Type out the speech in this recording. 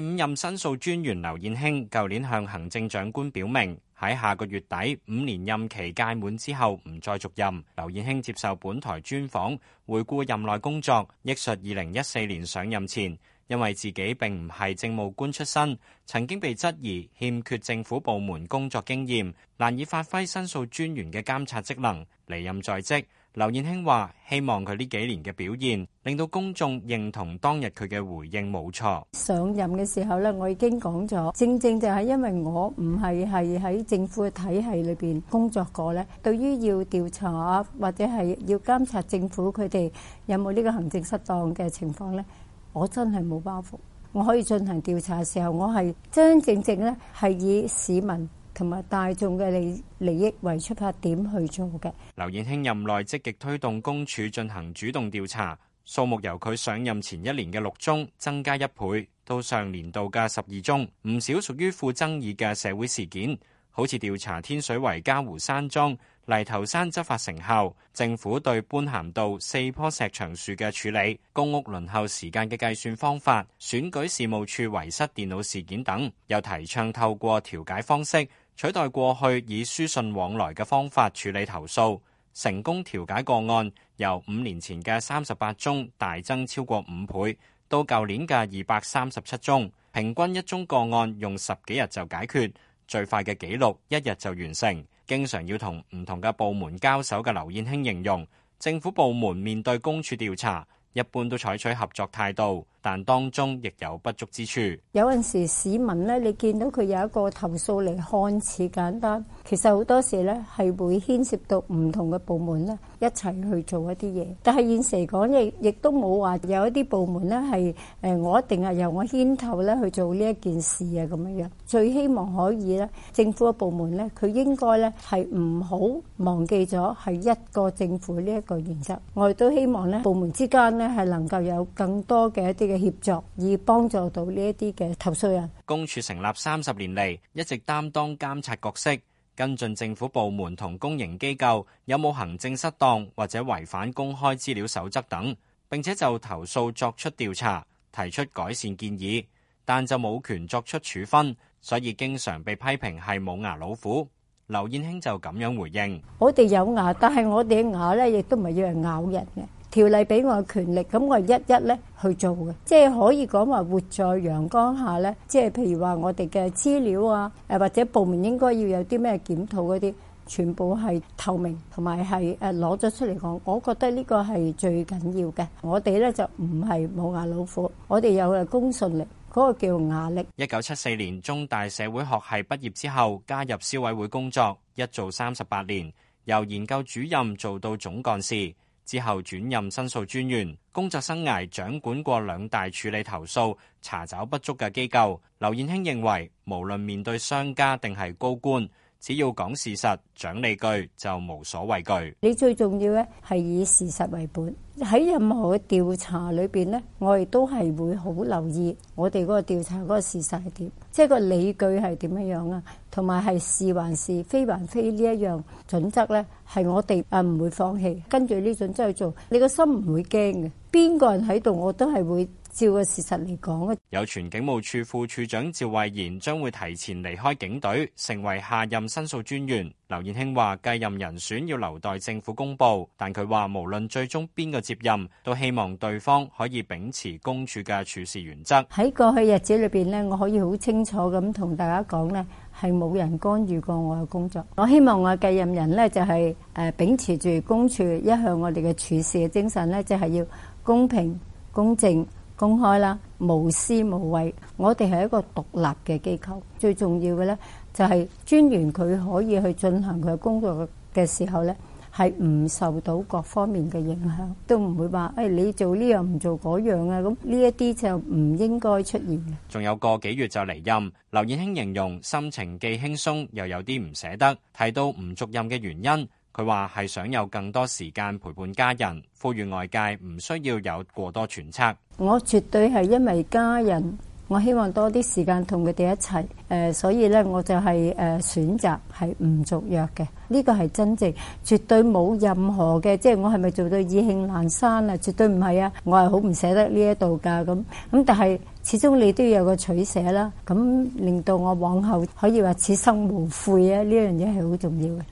第五任申訴專員劉燕卿舊年向行政長官表明，喺下個月底五年任期屆滿之後，唔再續任。劉燕卿接受本台專訪，回顧任內工作，憶述二零一四年上任前，因為自己並唔係政務官出身，曾經被質疑欠缺政府部門工作經驗，難以發揮申訴專員嘅監察職能。離任在職。劉燕卿話：希望佢呢幾年嘅表現，令到公眾認同當日佢嘅回應冇錯。上任嘅時候咧，我已經講咗，正正就係因為我唔係係喺政府嘅體系裏邊工作過咧，對於要調查或者係要監察政府佢哋有冇呢個行政失當嘅情況咧，我真係冇包袱。我可以進行調查嘅時候，我係真真正正咧係以市民同埋大眾嘅利利益為出發點去做嘅。劉燕卿任內積極推動公署進行主動調查，數目由佢上任前一年嘅六宗增加一倍，到上年度嘅十二宗，唔少屬於負爭議嘅社會事件，好似調查天水圍嘉湖山莊、泥頭山執法成效、政府對般咸道四棵石牆樹嘅處理、公屋輪候時間嘅計算方法、選舉事務處遺失電腦事件等，又提倡透過調解方式取代過去以書信往來嘅方法處理投訴。成功調解個案由五年前嘅三十八宗大增超過五倍，到舊年嘅二百三十七宗，平均一宗個案用十幾日就解決，最快嘅紀錄一日就完成。經常要同唔同嘅部門交手嘅劉燕卿形容，政府部門面對公署調查，一般都採取合作態度。但當中亦有不足之處。有陣時市民咧，你見到佢有一個投訴嚟，看似簡單，其實好多時咧係會牽涉到唔同嘅部門咧一齊去做一啲嘢。但係現時嚟講，亦亦都冇話有一啲部門咧係誒，我一定係由我牽頭咧去做呢一件事啊咁樣。最希望可以咧，政府嘅部門咧，佢應該咧係唔好忘記咗係一個政府呢一個原則。我亦都希望咧，部門之間咧係能夠有更多嘅一啲嘅。協助以幫助到呢一啲嘅投訴人。公署成立三十年嚟，一直擔當監察角色，跟進政府部門同公營機構有冇行政失當或者違反公開資料守則等，並且就投訴作出調查，提出改善建議，但就冇權作出處分，所以經常被批評係冇牙老虎。劉燕卿就咁樣回應，我哋有牙，但係我哋嘅牙咧亦都唔係要人咬人嘅。條例俾我嘅權力，咁我係一一咧去做嘅，即係可以講話活在陽光下咧。即係譬如話我哋嘅資料啊，誒或者部門應該要有啲咩檢討嗰啲，全部係透明同埋係誒攞咗出嚟講。我覺得呢個係最緊要嘅。我哋咧就唔係冇牙老虎，我哋有嘅公信力，嗰個叫壓力。一九七四年中大社會學系畢業之後，加入消委會工作，一做三十八年，由研究主任做到總幹事。之後轉任申訴專員，工作生涯掌管過兩大處理投訴、查找不足嘅機構。劉燕卿認為，無論面對商家定係高官，只要講事實、講理據就無所畏懼。你最重要咧，係以事實為本，喺任何嘅調查裏邊咧，我哋都係會好留意我哋嗰個調查嗰個事實係點，即係個理據係點樣樣啊，同埋係是還是非還非呢一樣準則咧，係我哋啊唔會放棄跟住呢準則去做，你個心唔會驚嘅。邊個人喺度我都係會。照個事實嚟講，有傳警務處副處長趙慧賢將會提前離開警隊，成為下任申訴專員。劉燕卿話，繼任人選要留待政府公布，但佢話無論最終邊個接任，都希望對方可以秉持公署嘅處事原則。喺過去日子裏邊咧，我可以好清楚咁同大家講呢係冇人干預過我嘅工作。我希望我繼任人呢，就係誒秉持住公署一向我哋嘅處事嘅精神呢就係要公平公正。公開啦，無私無畏。我哋係一個獨立嘅機構，最重要嘅咧就係專員佢可以去進行佢嘅工作嘅時候咧，係唔受到各方面嘅影響，都唔會話誒你做呢樣唔做嗰樣啊。咁呢一啲就唔應該出現嘅。仲有個幾月就離任，劉燕卿形容心情既輕鬆又有啲唔捨得，提到唔續任嘅原因，佢話係想有更多時間陪伴家人，呼籲外界唔需要有過多揣測。我絕對係因為家人，我希望多啲時間同佢哋一齊。誒、呃，所以咧我就係、是、誒、呃、選擇係唔續約嘅。呢、這個係真正絕對冇任何嘅，即係我係咪做到意興闌珊啊？絕對唔係啊！我係好唔捨得呢一度噶咁咁，但係始終你都要有個取捨啦。咁令到我往後可以話此生無悔啊！呢樣嘢係好重要嘅。